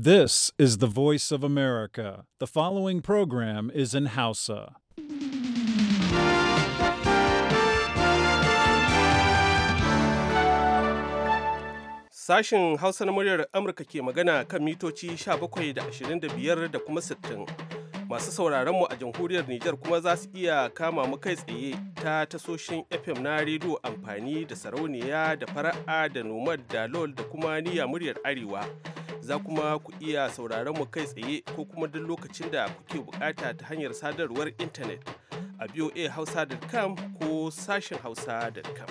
This is the voice of America. The following program is in Hausa. Sashen Hausa na muryar Amurka ke magana kan mitoci 17 da 25 da kuma 60. Masu sauraron mu a jamhuriyar Nijar kuma za su iya kama mu kai tsaye ta tasoshin FM na rediyo amfani da sarauniya da fara'a da nomad da lol da kuma niyya muryar Arewa. za kuma ku iya sauraron mu kai tsaye ko kuma duk lokacin da kuke bukata ta hanyar sadarwar intanet a voahausa.com ko sashen hausa.com.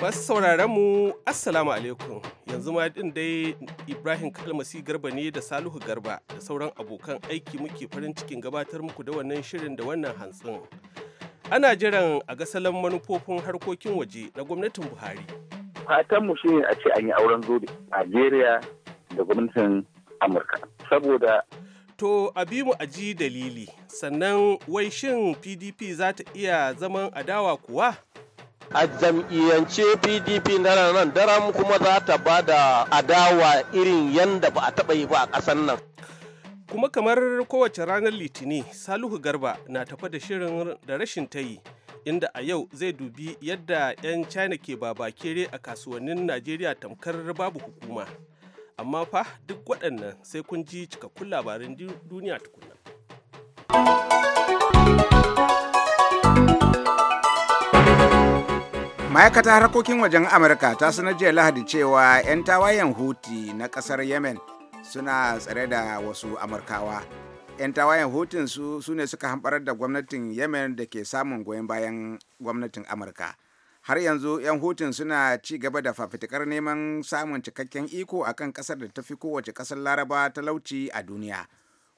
Masu sauraron mu Assalamu alaikum yanzu ma din dai Ibrahim Kalmasi Garba ne da Salihu Garba da sauran abokan aiki muke farin cikin gabatar muku da wannan shirin da wannan hantsin. ana jiran a ga salon manufofin harkokin waje na gwamnatin buhari fatanmu shi a ce an yi auren zobe najeriya da gwamnatin amurka saboda to a bi mu a ji dalili sannan wai shin pdp za ta iya zaman adawa kuwa a jam'iyyance pdp na nan daram kuma za ta ba da adawa irin yadda ba a taɓa yi ba a ƙasar nan kuma kamar kowace ranar litini salihu garba na tafa da shirin da rashin tayi inda a yau zai dubi yadda 'yan china ke babakere a kasuwannin najeriya tamkar babu hukuma amma fa duk waɗannan sai kun ji cikakkun labarin duniya tukuna ma'aikatar harkokin wajen amurka ta sanar jiya lahadi cewa 'yan tawayen huti na ƙasar yemen suna tsare da wasu amurkawa 'yan tawayen hutun su ne suka hamɓarar da gwamnatin yemen da ke samun goyon bayan gwamnatin amurka har yanzu 'yan hutun suna ci gaba da fafitikar neman samun cikakken iko a kan ƙasar da ta fi kowace ƙasar laraba talauci a duniya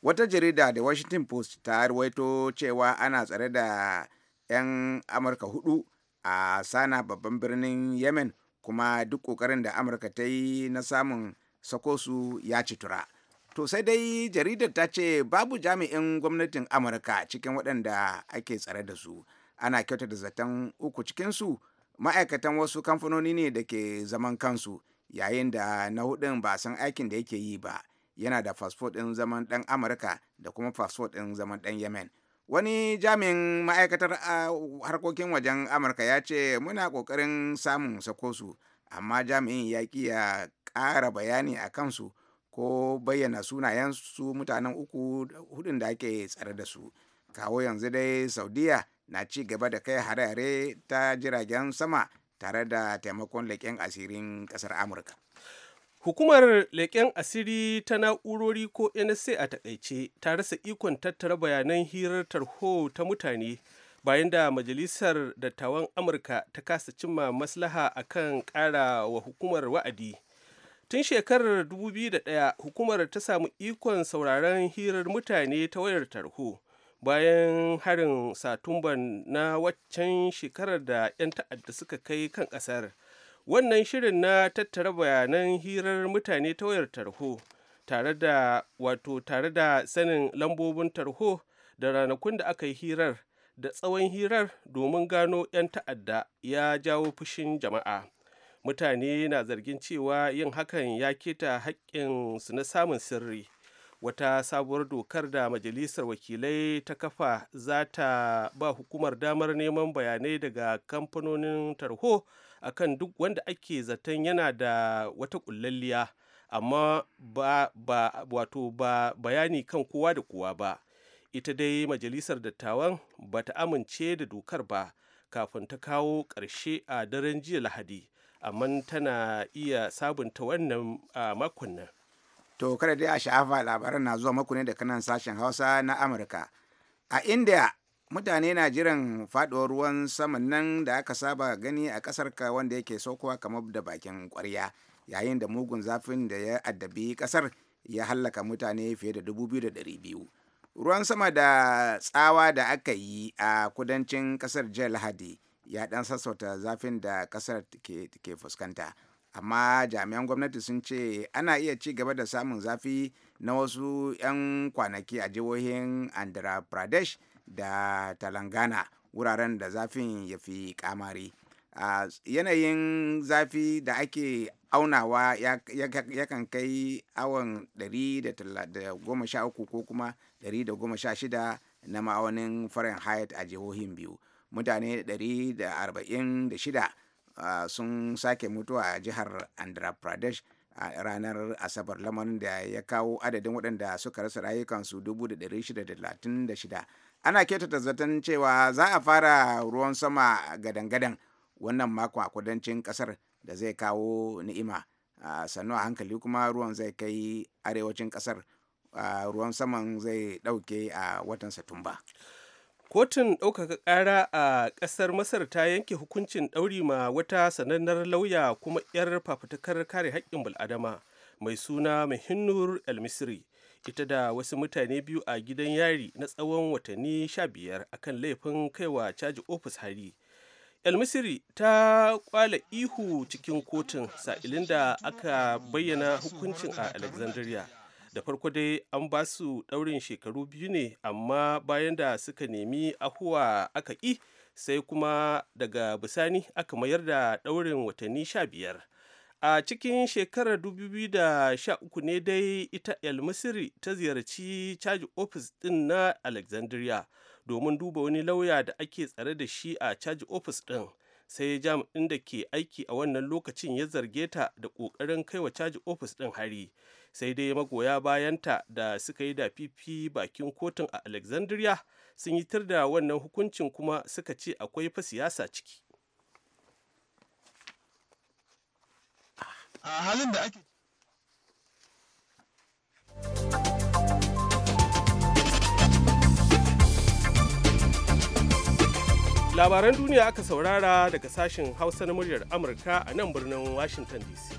wata jarida da washington post ta ruwaito cewa ana tsare da 'yan amurka hudu a sana babban birnin yemen kuma duk ƙoƙarin da amurka ta yi na samun sako su ya tura to sai dai jaridar ta ce babu jami'in gwamnatin amurka cikin waɗanda ake tsare da su ana kyauta da zaton uku cikinsu ma'aikatan wasu kamfanoni ne da ke zaman kansu yayin da na hudun ba san aikin da yake yi ba yana da fasfo ɗin zaman ɗan amurka da kuma fasfo ɗin zaman ɗan yemen wani jami'in ma'aikatar harkokin wajen amurka ya ce muna ƙoƙarin samun sakosu amma jami'in ya ƙi ƙara bayani a kansu ko bayyana sunayen su mutanen uku hudun da ake tsare da su kawo yanzu dai saudiya na ci gaba da kai hare ta jiragen sama tare da taimakon leƙen asirin ƙasar amurka Hukumar leƙen asiri ta na'urori ko NSA a taƙaice ta rasa ikon tattara bayanan hirar tarho ta mutane bayan da Majalisar Dattawan Amurka ta kasa cimma maslaha akan ƙara wa hukumar wa'adi tun shekarar 2001 hukumar ta samu ikon sauraron hirar mutane ta wayar tarho bayan harin satumban na waccan shekarar da 'yan ta'adda suka kai kan ƙasar wannan shirin na tattara bayanan hirar mutane ta wayar tarho tare da wato tare da sanin lambobin tarho da ranakun da aka yi hirar da tsawon hirar domin gano 'yan ta'adda ya jawo fushin jama'a mutane na zargin cewa yin hakan ya keta haƙƙinsu na samun sirri wata sabuwar dokar da majalisar wakilai ta kafa za ta ba hukumar damar neman bayanai daga kamfanonin tarho akan duk wanda ake zaton yana da wata kullalliya amma ba, ba wato ba bayani kan kowa da kowa ba ita dai majalisar dattawan ba ta amince da dokar ba kafin ta kawo ƙarshe a daren jiya lahadi amma tana iya sabunta wannan makon nan to kada dai a sha'afa labaran na zuwa maku da kanan sashen hausa na amurka a india mutane na jiran faduwar ruwan saman nan da aka saba gani a kasar ka wanda yake saukowa kamar da bakin kwarya yayin da mugun zafin da ya addabi kasar ya hallaka mutane fiye da dubu biyu da biyu. ruwan sama da tsawa da aka yi a kudancin kasar jiya lahadi ya dan sassauta zafin da kasar ke fuskanta amma jami'an gwamnati sun ce ana iya ci gaba da samun zafi na wasu 'yan kwanaki a jihohin andhra pradesh da talangana wuraren da zafin ya fi kamari a yanayin zafi da ake aunawa yakan kai awon 113 ko kuma 116 na ma'aunin fahrenheit a jihohin biyu mutane 146 ah, sun sake mutuwa a jihar andhra pradesh a ranar asabar lamarin da ya kawo adadin waɗanda suka rasa rayukansu 636 ana ketata zaton cewa za a fara ruwan sama gadangadan wannan mako a kudancin ƙasar da zai kawo ni'ima ah, sannu a hankali kuma ruwan zai kai arewacin ƙasar ah, ruwan saman zai ɗauke a watan satumba. kotun ɗaukaka ƙara a ƙasar masar ta yanke hukuncin ɗauri ma wata sanannar lauya kuma 'yar fafutukar kare haƙƙin bul'adama mai suna mahinnur el misri ita da wasu mutane biyu a gidan yari na tsawon watanni 15, a kan laifin kaiwa caji ofis hari el misri ta kwala ihu cikin kotun sa'ilin da aka bayyana hukuncin a alexandria da farko dai an ba su ɗaurin shekaru biyu ne amma bayan da suka nemi ahuwa aka ƙi sai kuma daga bisani aka mayar da ɗaurin watanni sha biyar a cikin shekarar 2013 ne dai ita el misiri ta ziyarci caji ofis ɗin na alexandria domin duba wani lauya da ake tsare da shi a caji ofis ɗin sai jami'in da ke aiki a wannan lokacin ya zarge ta da ƙoƙarin wa caji ofis ɗin hari sai dai magoya bayanta da suka yi da fifi bakin kotun a alexandria sun yi tir da wannan hukuncin kuma suka ce akwai fa siyasa ciki a halin da ake labaran duniya aka saurara daga sashen hausa na muryar amurka a nan birnin washington dc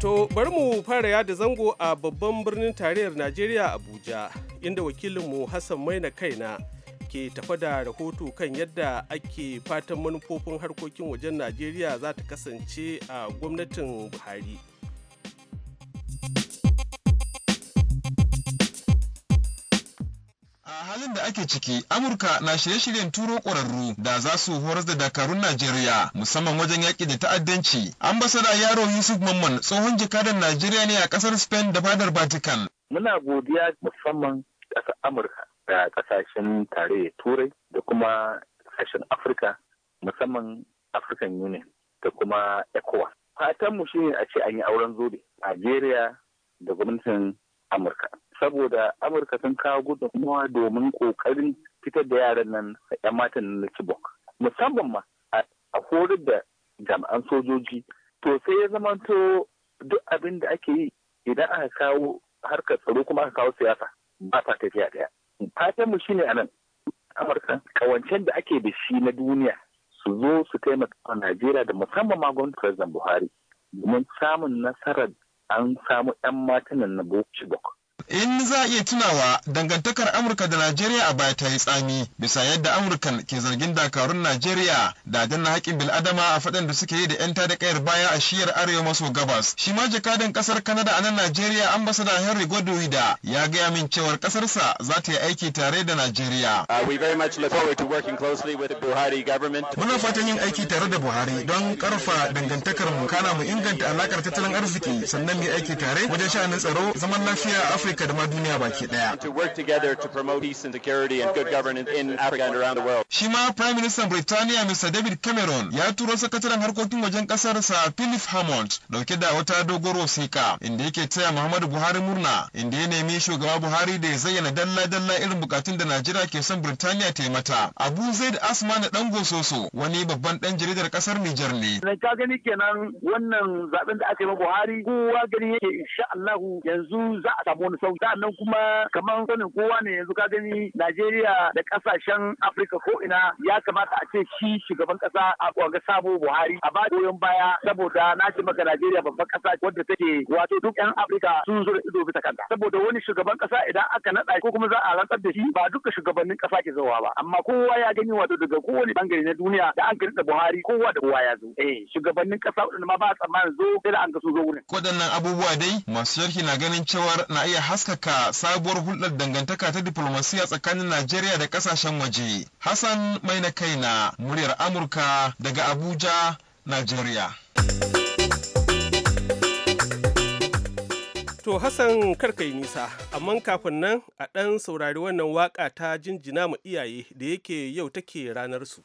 to bari mu fara yada zango a babban birnin tarayyar najeriya abuja inda wakilinmu hassan mai maina kaina ke tafa da rahoto kan yadda ake fatan manufofin harkokin wajen najeriya za ta kasance a gwamnatin buhari A halin da ake ciki, Amurka na shirye-shiryen turo ƙwararru da za su horar da dakarun Najeriya musamman wajen yaƙi da ta'addanci. Ambasada Yaro Yusuf Mamman tsohon jakadan Najeriya ne a ƙasar Spain da fadar Vatican. Muna godiya musamman ƙasa Amurka da ƙasashen tare Turai da kuma ƙasashen Afirka musamman African Union da kuma ECOWAS. Fatanmu shine a ce an yi auren zobe Najeriya da gwamnatin Amurka. saboda amurka sun kawo gudunmuwa domin kokarin fitar da yaran nan yan matan na chibok musamman ma a horar da jami'an sojoji to sai ya zamanto duk abin da ake yi idan aka kawo harkar tsaro kuma aka kawo siyasa ba ta tafiya daya fatan mu shine anan amurka kawancen da ake da shi na duniya su zo su taimaka a najeriya da musamman ma gwamnati president buhari domin samun nasarar an samu 'yan matanan na bok. in za a iya tunawa dangantakar amurka da najeriya a baya ta yi tsami bisa yadda amurkan ke zargin dakarun najeriya da danna haƙƙin bil'adama a faɗin da suke yi da 'yan tada kayar baya a shiyar arewa maso gabas shi ma jakadan ƙasar kanada a nan najeriya ambasada henry da ya gaya min cewar ƙasarsa za ta yi aiki tare da najeriya uh, muna fatan yin aiki tare da buhari don ƙarfa dangantakar mu kana mu inganta alakar tattalin arziki sannan mu aiki tare wajen sha'anin tsaro zaman lafiya a afirka Afirka da ma duniya baki daya. Shi ma Prime Minister Birtaniya Mr. David Cameron ya turo sakataren harkokin wajen kasar sa Philip Hammond dauke da wata dogoro sika inda yake taya Muhammadu Buhari murna inda ya nemi shugaba Buhari da ya zayyana dalla-dalla irin bukatun da Najeriya ke son Birtaniya ta yi mata. Abu Zaid Asma na dan gososo wani babban dan jaridar kasar Nijar ne. Ka gani kenan wannan zaben da aka yi Buhari kowa gani yake insha Allahu yanzu za a samu wani kyau sannan kuma kamar sanin kowa ne yanzu ka gani Najeriya da kasashen Afirka ko ina ya kamata a ce shi shugaban kasa a kwanga sabo Buhari a ba goyon baya saboda na ce maka Najeriya babban kasa wadda take wato duk yan Afirka sun zo da ido bisa kanta saboda wani shugaban kasa idan aka naɗa ko kuma za a rantsar da shi ba duka shugabannin kasa ke zawa ba amma kowa ya gani wato daga kowane bangare na duniya da an da Buhari kowa da kowa ya zo eh shugabannin kasa wadanda ma ba tsammanin zo sai da an ga su zo wurin. Waɗannan abubuwa dai masu yarki na ganin cewar na iya haskaka sabuwar hulɗar dangantaka ta diplomasiya tsakanin Najeriya da ƙasashen waje. Hassan mai na kaina muryar Amurka daga Abuja, Najeriya. To Hassan karka yi nisa, amma kafin nan a ɗan saurari wannan waƙa ta jinjina mu iyaye da yake yau take ranar su.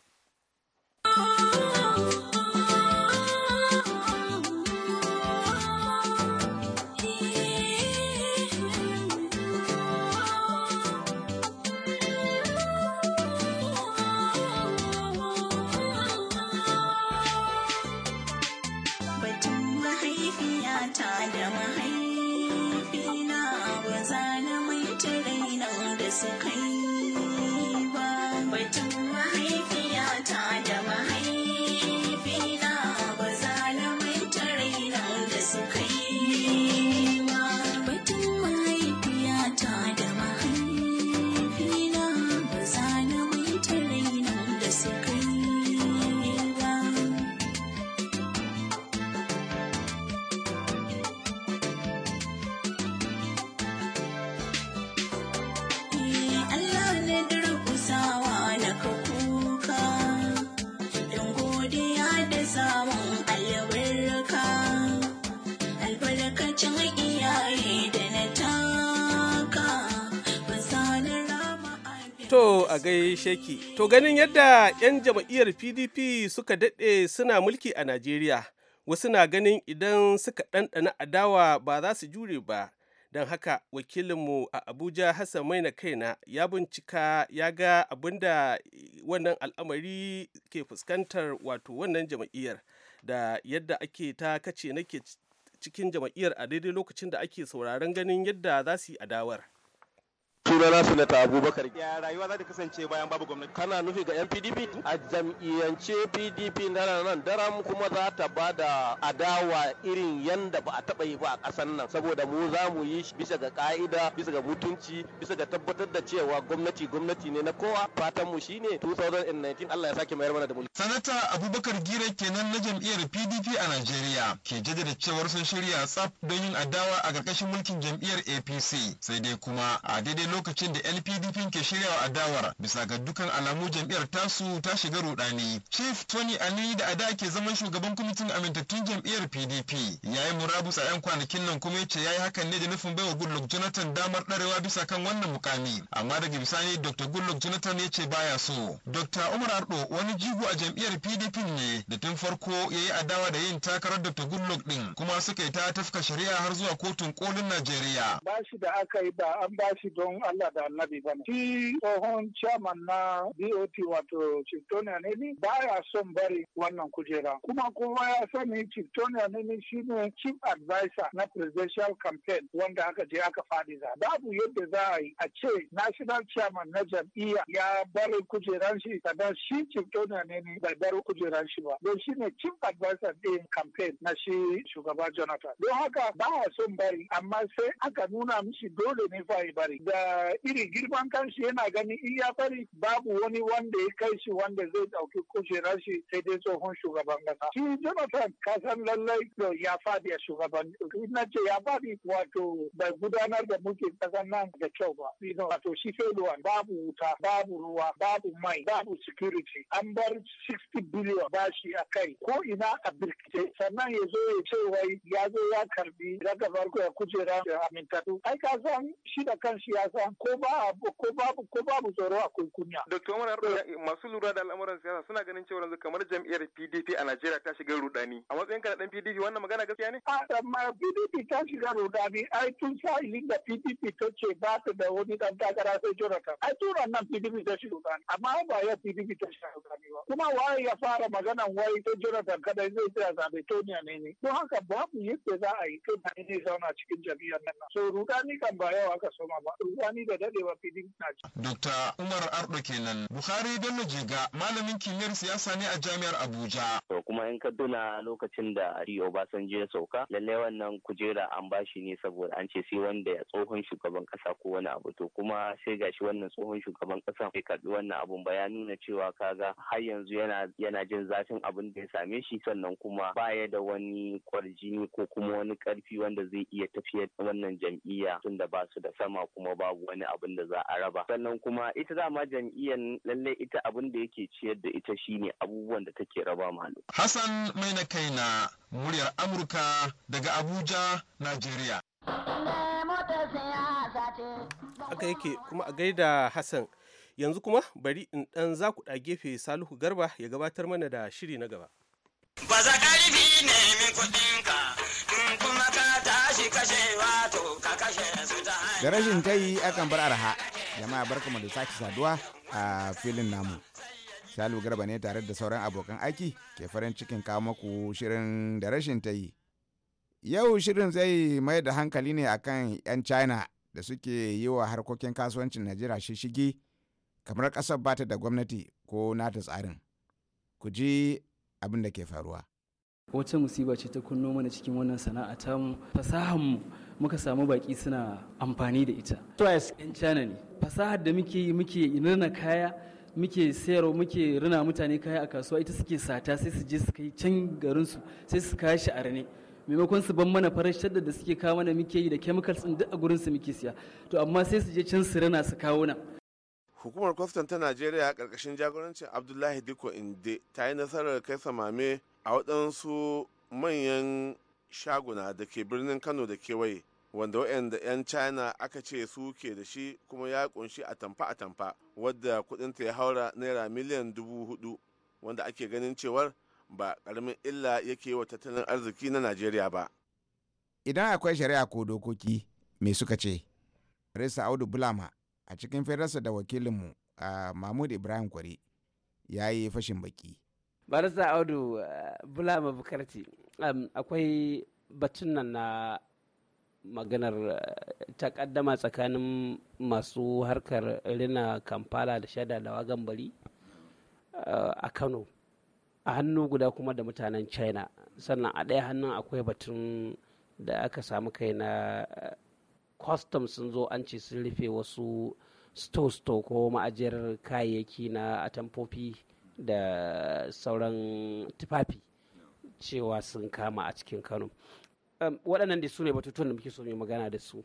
a gaishe ki. To ganin yadda 'yan jam'iyyar PDP suka daɗe suna mulki a Najeriya, wasu na ganin idan suka ɗanɗana adawa ba za su jure ba. Don haka wakilinmu a Abuja Hassan Maina kaina ya bincika ya ga abin da wannan al'amari ke fuskantar wato wannan jam'iyyar da yadda ake ta kace nake cikin jam'iyyar a daidai lokacin da ake sauraron ganin yadda za su yi adawar. sunana sanata abubakar ya rayuwa za ta kasance bayan babu gwamnati kana nufi ga yan pdp a jam'iyyance pdp na nan daram kuma za ta ba da adawa irin yanda ba a taba yi ba a kasan nan saboda mu za mu yi bisa ga ka'ida bisa ga mutunci bisa ga tabbatar da cewa gwamnati gwamnati ne na kowa fatan mu shine 2019 Allah ya sake mayar mana da mulki sanata abubakar gire kenan na jam'iyyar pdp a najeriya ke jaddada cewar sun shirya tsaf don yin adawa a ƙarƙashin mulkin jam'iyyar apc sai dai kuma a daidai lokacin da LPDP ke shiryawa adawar bisa ga dukkan alamu jam'iyyar tasu ta shiga rudani. Chief Tony Ali da ada ke zaman shugaban kwamitin amintattun jam'iyyar PDP ya yi murabus a 'yan kwanakin nan kuma ya ce ya yi hakan ne da nufin baiwa Goodluck Jonathan damar ɗarewa bisa kan wannan mukami. Amma daga bisani Dr. Goodluck Jonathan ya ce baya so. Dr. Umar Ardo wani jigo a jam'iyyar PDP ne da tun farko ya yi adawa da yin takarar Dr. Goodluck din kuma suka yi ta tafka shari'a har zuwa kotun kolin Najeriya. Ba shi da aka yi ba an ba shi don Allah da annabi ba ne. Shi tsohon chairman na DOT wato Chiptoniya Nemi baya son bari wannan kujera. Kuma kowa ya sani Chiptoniya Nemi shi ne chief advisor na presidential campaign wanda aka je aka faɗi za. Babu yadda za a yi a ce national chairman na jam'iyya ya bari kujeran shi kadan shi Chiptoniya Nemi bai bari kujeran shi ba. Don shi ne chief advisor ɗin campaign na shi shugaba Jonathan. Don haka ba son bari amma sai aka nuna mishi dole ne fa bari. Da irin girman kanshi yana ganin in ya fari babu wani wanda ya kai shi wanda zai ɗauki kujerar shi sai dai tsohon shugaban kasa. Shi Jonathan kasan lallai ya faɗi a shugaban na ce ya faɗi wato bai gudanar da muke kasan nan da kyau ba. Wato shi failure babu wuta babu ruwa babu mai babu security an bar 60 billion bashi a kai ko ina a birkice sannan ya zo ya ce wai ya zo ya karbi daga farko ya kujera da amintatu Ai kasan shi da kanshi ya san haka ko ba ko babu ko babu tsoro a kunya. Dr. Umar eh. masu lura da al'amuran siyasa suna ganin cewa yanzu kamar jam'iyyar PDP a Najeriya ta shiga rudani. A matsayin kana dan PDP wannan magana gaskiya ne? A amma PDP ta shiga rudani ai tun sa'ilin da PDP ta ce ba ta da wani dan takara sai Jonathan. Ai tun nan PDP ta shiga rudani amma ba ya PDP ta shiga rudani ba. Kuma waye ya fara maganan waye ta Jonathan kada zai tsaya zabe Toniya ne ne. Don haka babu yadda za a yi kai ne zauna cikin jam'iyyar nan. So rudani kan ba yawa ka soma ba. rani da dadewa filin Dokta Umar Ardo kenan. Buhari Bello Jega malamin kimiyyar siyasa ne a jami'ar Abuja. To kuma in kaduna lokacin da Ari Obasanjo ya sauka lalle wannan kujera an bashi ne saboda an ce sai wanda ya tsohon shugaban kasa ko wani abu to kuma sai gashi wannan tsohon shugaban kasa bai karbi wannan abun ba ya nuna cewa kaga har yanzu yana yana jin zafin abin da ya same shi sannan kuma baya da wani kwarjini ko kuma wani karfi wanda zai iya tafiyar wannan jam'iyya tunda ba su da sama kuma babu wani abin da za a raba sannan kuma ita dama jam'iyyar lallai ita abin da yake ciyar da ita shine abubuwan da take raba malu Hassan mai na kai na muryar Amurka daga Abuja Najeriya Aka yake kuma a gaida Hassan yanzu kuma bari in dan za ku gefe Salihu Garba ya gabatar mana da shiri na gaba. Ba za ne min kuɗinka. kuma ka tashi kashe wato ka kashe su ta hanyar. Da rashin ta yi akan bar arha, jama'a mu da sake saduwa a filin namu. Shalu Garba ne tare da sauran abokan aiki ke farin cikin kawo maku shirin da rashin ta yi. Yau shirin zai mai da hankali ne akan 'yan China da suke yi wa harkokin kasuwancin Najeriya shishigi kamar ƙasar bata da gwamnati ko nata tsarin. Ku ji abin da ke faruwa. wacce musiba ce ta kunno mana cikin wannan sana'a ta mu fasahar mu muka samu baki suna amfani da ita twice yan china ne fasahar da muke yi muke rina kaya muke sayarwa muke rina mutane kaya a kasuwa ita suke sata sai su je su kai can garin su sai su kaya shi a rane maimakon su ban mana farar shaddar da suke kawo mana muke yi da chemicals din duk a gurin su muke siya to amma sai su je can su rina su kawo na hukumar kwastan ta najeriya a ƙarƙashin jagorancin abdullahi diko inde ta yi nasarar kai samame a waɗansu manyan shaguna da ke birnin kano da kewaye wanda waɗanda 'yan china aka ce su ke da shi kuma ya kunshi atamfa atamfa wadda kuɗinta ya haura naira miliyan dubu hudu wanda ake ganin cewar ba ƙaramin illa yake wa tattalin arziki na najeriya ba idan akwai shari'a ko dokoki me suka ce risa audu bulama a cikin firarsa da wakilinmu a mahmud ibrahim kwari ya yi fashin baki barista audu bulama bukarti akwai batun nan na maganar ta kaddama tsakanin masu harkar rina kampala da shada da wagan bari a kano a hannu guda kuma da mutanen china sannan a ɗaya hannun akwai batun da aka samu kai na customs sun zo an ce sun rufe wasu sto-sto ko ma'ajiyar kayayyaki na atamfofi da sauran tufafi cewa sun kama a cikin kano waɗannan da su ne batutuwan da muke so mai magana da su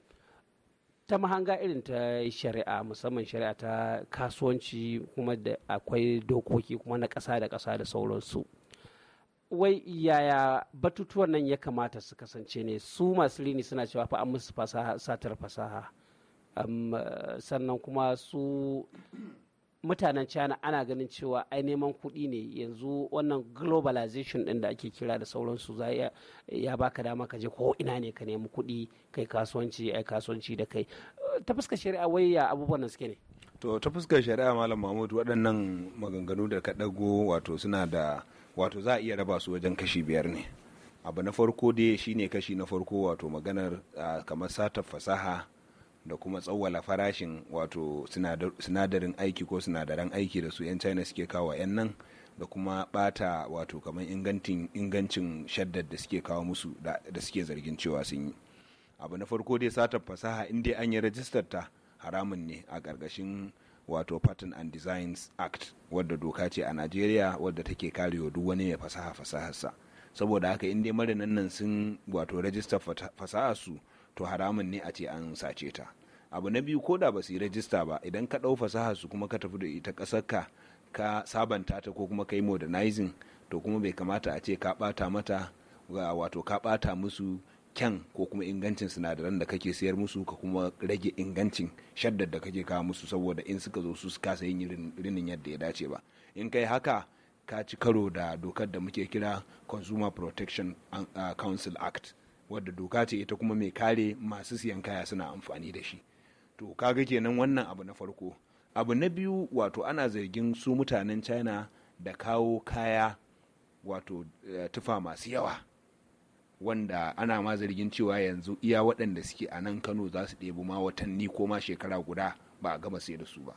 ta mahanga irin ta shari'a musamman shari'a ta kasuwanci kuma da akwai dokoki kuma na ƙasa da ƙasa da sauransu wai yaya batutuwan nan ya kamata su kasance ne su masu rini suna cewa fa an musu satar fasaha sannan kuma su mutanen china ana ganin cewa ai neman kuɗi ne yanzu wannan globalization ɗin da ake kira da sauransu za ya baka dama ka je ko ina ne ka nemi kuɗi kai kasuwanci ai kasuwanci da kai ta fuskar shari'a wai ya abubuwan da suke ne to ta fuskar shari'a malam mahmud waɗannan maganganu da ka ɗago wato suna da wato za a iya raba su wajen kashi biyar ne abu na farko dai shine kashi na farko wato maganar ah, kamar satar fasaha da kuma tsawwala farashin wato sinadarin aiki ko sinadaran aiki da su 'yan china suke kawo 'yan nan da kuma bata wato kamar ingancin shaddad da suke kawo musu da suke zargin cewa sun yi abu na farko dai satar fasaha in dai an yi rajistar ta haramun ne a ƙarƙashin wato patent and designs act wadda doka ce a nigeria wadda take karewa duk wani mai fasaha fasaharsa saboda haka in dai marinan nan sun wato rajistar fasaharsu su to haramun ne a ce an sace ta abu na biyu ko da ba su yi rajista ba idan ka ɗau fasaha su kuma ka tafi da ita ƙasarka ka sabanta ta ko kuma ka yi modernizing to kuma bai kamata a ce ka ɓata mata wato ka ɓata musu kyan ko kuma ingancin sinadaran da kake sayar musu ka kuma rage ingancin shaddar da kake kawo musu saboda in suka zo su kasa yin rinin yadda ya dace ba in kai haka ka ci karo da dokar da muke kira consumer protection council act wadda doka ce ita kuma mai kare masu siyan kaya suna amfani da shi to kaga kenan wannan abu na farko abu na biyu wato ana zargin su mutanen china da kawo kaya wato eh, tufa masu yawa wanda ana ma zargin cewa yanzu iya waɗanda suke a nan kano za su ɗebi ma watanni ko ma shekara guda ba a gama sai da su ba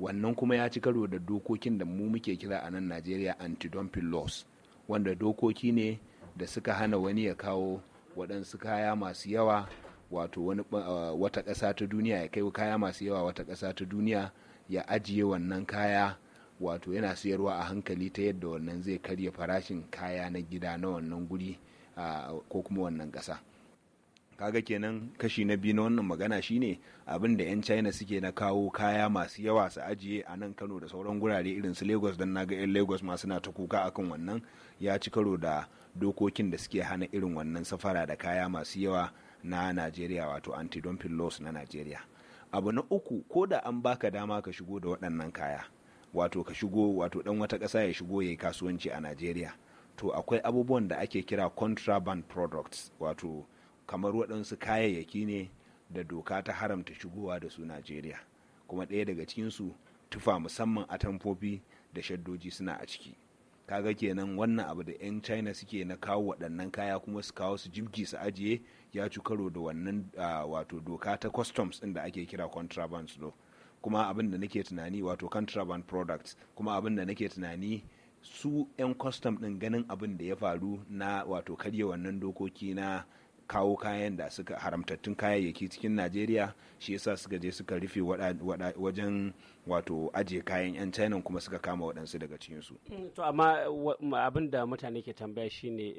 wannan kuma ya ci karo da dokokin da mu muke kira a nan najeriya anti-dumping laws wanda dokoki ne da suka hana wani ya kawo waɗansu kaya masu yawa wato uh, wata ƙasa ta duniya ya kai kaya masu yawa wata ƙasa ta duniya ya ajiye wannan kaya wato yana siyarwa a hankali ta yadda wannan zai karya farashin kaya na gida na wannan guri uh, ko kuma wannan ƙasa. kaga kenan kashi na biyu na wannan magana shine abin da 'yan china suke na kawo kaya masu yawa su ajiye a nan kano da sauran gurare irin su lagos don naga 'yan lagos masu na ta kuka akan wannan ya ci karo da dokokin da suke hana irin wannan safara da kaya masu yawa na nigeria wato anti-dumping laws na nigeria abu na uku ko da an baka dama ka shigo da waɗannan kaya wato ka shigo wato dan wata ƙasa ya shigo ya yi kasuwanci a nigeria to akwai abubuwan da ake kira contraband products wato kamar waɗansu kayayyaki ne da doka ta haramta shigowa da su najeriya kuma ɗaya daga cikinsu tufa musamman a tamfofi da shaddoji suna a ciki kaga kenan wannan abu da 'yan china suke na kawo waɗannan kaya kuma su kawo su jibgi su ajiye ya ci karo da wannan wato doka ta customs ɗin da ake kira contraband law kuma abin da nake tunani wato contraband products kuma abin da nake tunani su 'yan custom ɗin ganin abin da ya faru na wato karya wannan dokoki na kawo kayan da suka haramtattun kayayyaki cikin najeriya shi yasa suka je suka rufe wajen wato ajiye kayan 'yan china kuma suka kama waɗansu daga cikinsu mm, to amma abin da mutane ke tambaya shine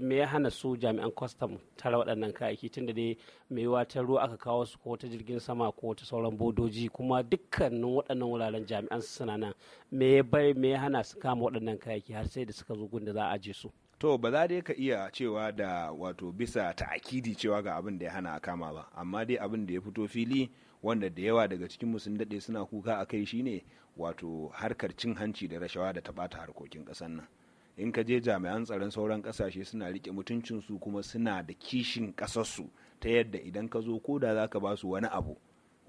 me ya hana su jami'an kwastam tara waɗannan kayayyaki tun da dai mai yiwa ta ruwa aka kawo su ko ta jirgin sama ko ta sauran bodoji kuma dukkanin waɗannan wuraren jami'an suna nan me ya hana su kama waɗannan kayayyaki har sai da suka zo gunda za a aje su to ba za dai ka iya cewa da wato bisa ta'akidi cewa ga abin da ya hana a kama ba amma dai abin da ya fito fili wanda da yawa daga cikin sun daɗe suna kuka a kai shine wato harkar cin hanci da rashawa da ta ɓata harkokin ƙasar nan in ka je jami'an tsaron sauran ƙasashe suna riƙe mutuncinsu kuma suna da kishin ƙasarsu ta yadda idan ka zo ko da za ka ba su wani abu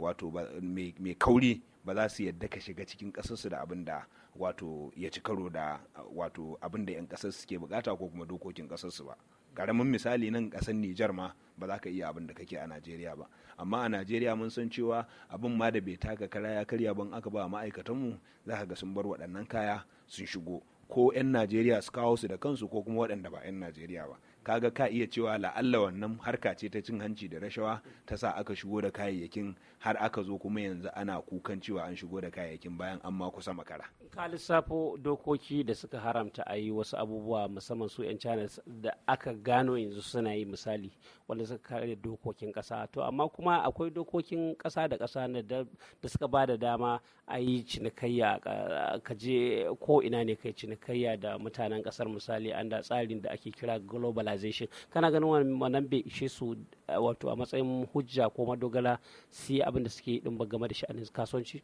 wato mai kauri ba za su yadda ka shiga cikin ƙasarsu da abin da wato ya ci karo da wato abin da 'yan kasar suke bukata ko kuma dokokin ƙasarsu ba karamin misali nan kasar Nijar ma ba za ka iya abin da kake a Najeriya ba amma a Najeriya mun san cewa abin ma da bai taka kara ya karya ban aka ba ma'aikatanmu za ka ga sun bar waɗannan kaya sun shigo ko 'yan Najeriya su kawo su da kansu ko kuma waɗanda ba 'yan Najeriya ba kaga ka iya cewa la'alla wannan harka ce ta cin hanci da rashawa ta sa aka shigo da kayayyakin har aka zo kuma yanzu ana kukan cewa an shigo da kayayyakin bayan an ma kusa makara ka lissafo dokoki da suka haramta a yi wasu abubuwa musamman su 'yan china da aka gano yanzu suna yi misali wanda suka kare dokokin kasa to amma kuma akwai dokokin kasa da kasa da suka ba da dama a yi cinikayya ka je ko ina ne kai cinikayya da mutanen kasar misali an da tsarin da ake kira globalization kana ganin wannan bai ishe su wato a matsayin hujja ko madogara su yi abin da suke ba game da sha'anin kasuwanci?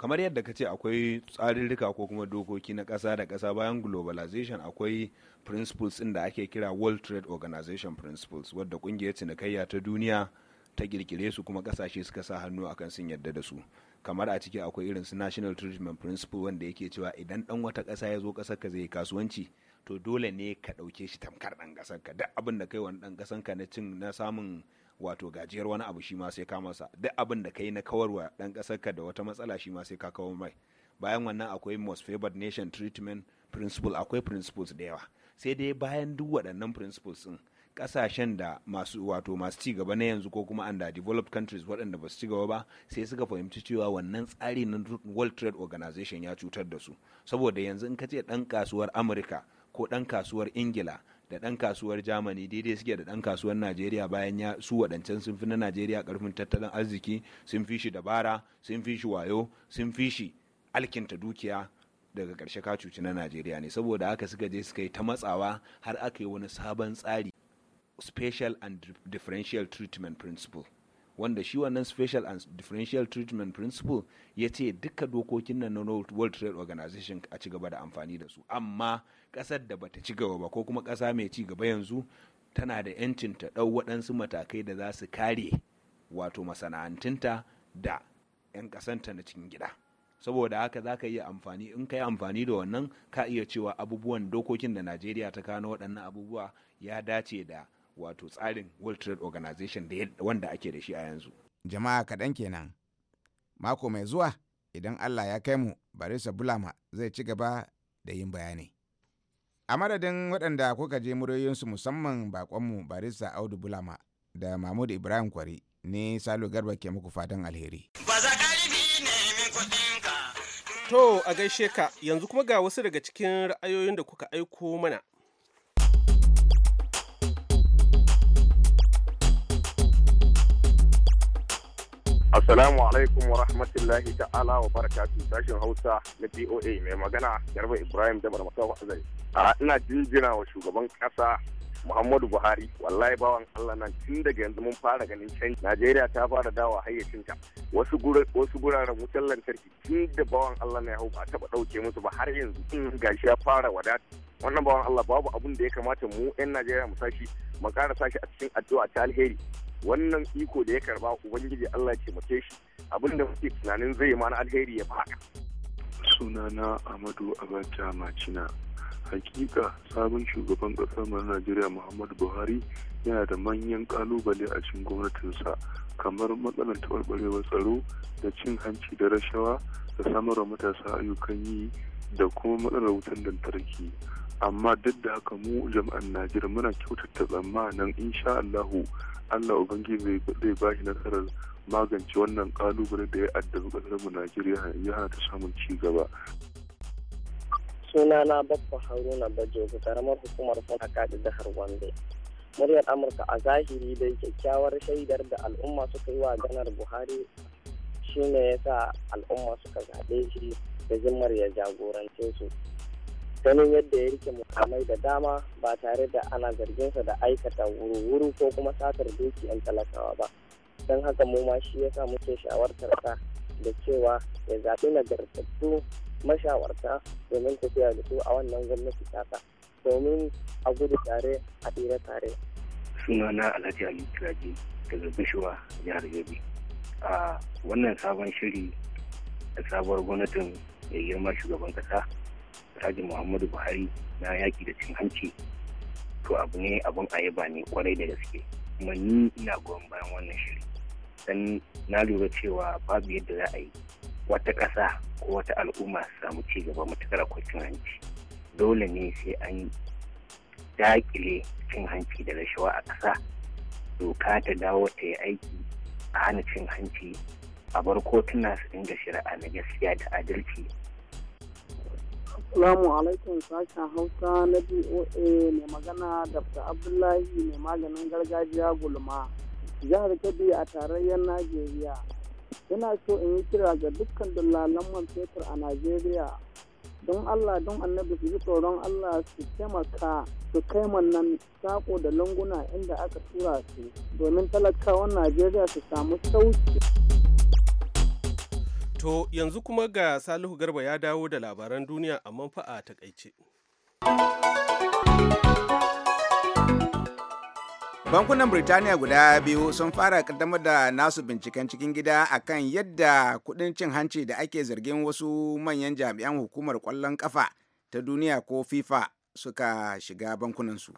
kamar yadda ka ce akwai tsarin amurka ko kuma dokoki na kasa da kasa bayan globalization akwai principles ɗin da ake kira world trade organization principles wadda kungiyar cinikayya ta duniya ta ƙirƙire su kuma kasashe suka sa hannu akan sun yadda da su kamar a ciki akwai irin su national treatment principle wanda yake cewa idan ɗan wata kasa ya zo ƙasar ka zai kasuwanci to dole ne ka dauke shi tamkar ɗan ƙasar ka duk abin da kai wani ɗan ƙasar ka na cin na samun wato gajiyar wani abu shi ma sai ka masa duk abin da kai na kawarwa dan ƙasar ka da wata matsala shi ma sai ka kawo mai bayan wannan akwai most favored nation treatment principle akwai principles da yawa sai dai bayan duk waɗannan principles ɗin kasashen da masu wato masu ci gaba na yanzu ko kuma under developed countries waɗanda ba su ci ba sai suka fahimci cewa wannan tsari na World Trade Organization ya cutar da su saboda yanzu in ka ce ɗan kasuwar Amurka ko ɗan kasuwar Ingila da ɗan kasuwar Germany daidai suke da ɗan kasuwar nigeria bayan ya su waɗancan sun fi na nigeria ƙarfin tattalin arziki sun fi shi dabara sun fi shi wayo sun fi shi alkinta dukiya daga ƙarshe ka cuci na najeriya ne saboda haka suka je suka yi ta matsawa har aka yi wani sabon tsari special and differential treatment principle wanda shi wannan special and differential treatment principle ya ce duka dokokin nan na world trade organization a ci gaba da amfani da su amma ƙasar da bata ci gaba ba ko kuma ƙasa mai ci gaba yanzu tana da 'yancin ta ɗau waɗansu matakai da za su kare wato masana'antunta da 'yan ƙasanta na cikin gida saboda haka za ka iya amfani in ka yi amfani da wannan ka iya cewa abubuwan dokokin da najeriya ta kano waɗannan abubuwa ya dace da wato tsarin world trade organization wanda ake da shi a yanzu jama'a kaɗan kenan mako mai zuwa idan allah ya kai mu barisa bulama zai ci gaba da yin bayani a madadin waɗanda kuka je muryoyinsu musamman bakonmu barisa audu bulama da mahmud ibrahim kwari ne salo garba ke muku fatan alheri To a gaishe ka yanzu kuma ga wasu daga cikin ra'ayoyin da kuka aiko mana. Assalamu alaikum wa rahmatullahi ta'ala wa barakatu sashen Hausa na BOA mai magana Yarba Ibrahim da Masawa Azai. ina jinjina wa shugaban ƙasa. Muhammadu Buhari wallahi bawan Allah nan tun daga yanzu mun fara ganin canji Najeriya ta fara dawa hayyacinta wasu wasu guraren wutar lantarki tun da bawan Allah na hau ba taba dauke musu ba har yanzu hmm, gashi ya fara wadata wannan bawan Allah babu abun da ya kamata mu 'yan Najeriya mu sashi mu ƙara sashi a cikin addu'a ta alheri wannan iko da ya karba ubangiji Allah ya taimake shi abin da muke tunanin zai yi mana alheri ya faɗa sunana Amadu Abacha Macina hakika sabon shugaban kasar mai najeriya muhammadu buhari yana da manyan kalubale a cikin gwamnatinsa kamar matsalar taɓarɓarewar tsaro da cin hanci da rashawa da samar wa matasa ayyukan yi da kuma matsalar wutar lantarki amma duk da haka mu jama'an najeriya muna kyautata tsammanin insha allahu allah ubangiji zai bashi bashi nasarar magance wannan kalubale da ya addabi kasar mu najeriya ya hana ta samun ci gaba suna na babba haruna bajogu karamar hukumar fulaka da jihar wande. muryar amurka a zahiri dai kyakkyawar shaidar da al'umma suka yi wa ganar buhari shine ya sa al'umma suka zaɓe shi da zimmar ya jagorance su ganin yadda ya rike mukamai da dama ba tare da ana zarginsa da aikata wuru-wuru ko kuma satar dukiyan talakawa ba don haka mu ma shi ya sa muke shawartar sa da cewa ya zaɓi nagartattu mashawarta domin tafiya da su a wannan gwamnati taka domin a gudu tare a tsira tare. Suna na alhaji ali daga bishuwa jihar yobe a wannan sabon shiri da sabuwar gwamnatin mai girma shugaban kasa alhaji muhammadu buhari na yaki da cin hanci to abu ne abin ayaba ne kwarai da gaske kuma ni ina goyon bayan wannan shiri dan na lura cewa babu yadda za a yi wata ƙasa ko wata al'umma su samu ci gaba matuƙar akwai cin hanci dole ne sai an daƙile cin hanci da rashawa a ƙasa doka ta dawo ta yi aiki a hana cin hanci a bar kotuna su dinga shari'a na gaskiya ta adalci Assalamu alaikum sashen Hausa na BOA mai magana Dr. Abdullahi mai maganin gargajiya gulma. Jihar Kebbi a tarayyar Najeriya. yana so in yi kira ga dukkan dalalan man fetur a najeriya don allah don annabi su ji tsoron allah su taimaka su kai nan sako da languna inda aka tura su domin talakawan najeriya su samu sauki to yanzu kuma ga salihu garba ya dawo da labaran duniya a fa a takaice. bankunan birtaniya guda biyu sun fara kaddamar da nasu binciken cikin gida akan yadda kudin cin hanci da ake zargin wasu manyan jami'an hukumar kwallon kafa ta duniya ko fifa suka shiga bankunansu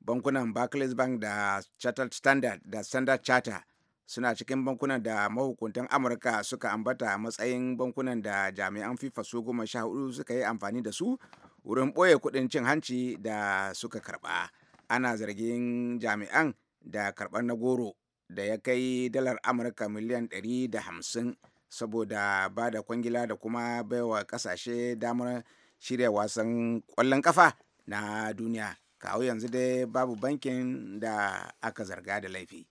bankunan barclays bank da chartered standard da standard charter suna cikin bankunan da mahukuntan amurka suka ambata matsayin bankunan da jami'an fifa su goma sha hudu suka yi amfani da su wurin ɓoye kudin cin hanci da suka karɓa ana zargin jami'an da karɓar na goro da ya kai dalar amurka miliyan 150 saboda ba da kwangila da kuma baiwa kasashe damar shirya wasan ƙwallon kafa na duniya kawo yanzu dai babu bankin da aka zarga da laifi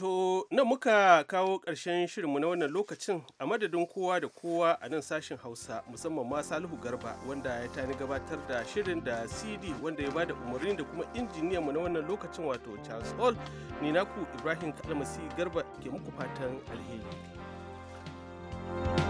To, nan muka kawo ƙarshen shirinmu na wannan lokacin a madadin kowa da kowa a nan sashen Hausa musamman ma Salihu Garba wanda ya tani gabatar da shirin da CD wanda ya bada umarni da kuma mu na wannan lokacin wato Charles Hall ni naku Ibrahim Kalmasi Garba ke muku fatan alheri. thank you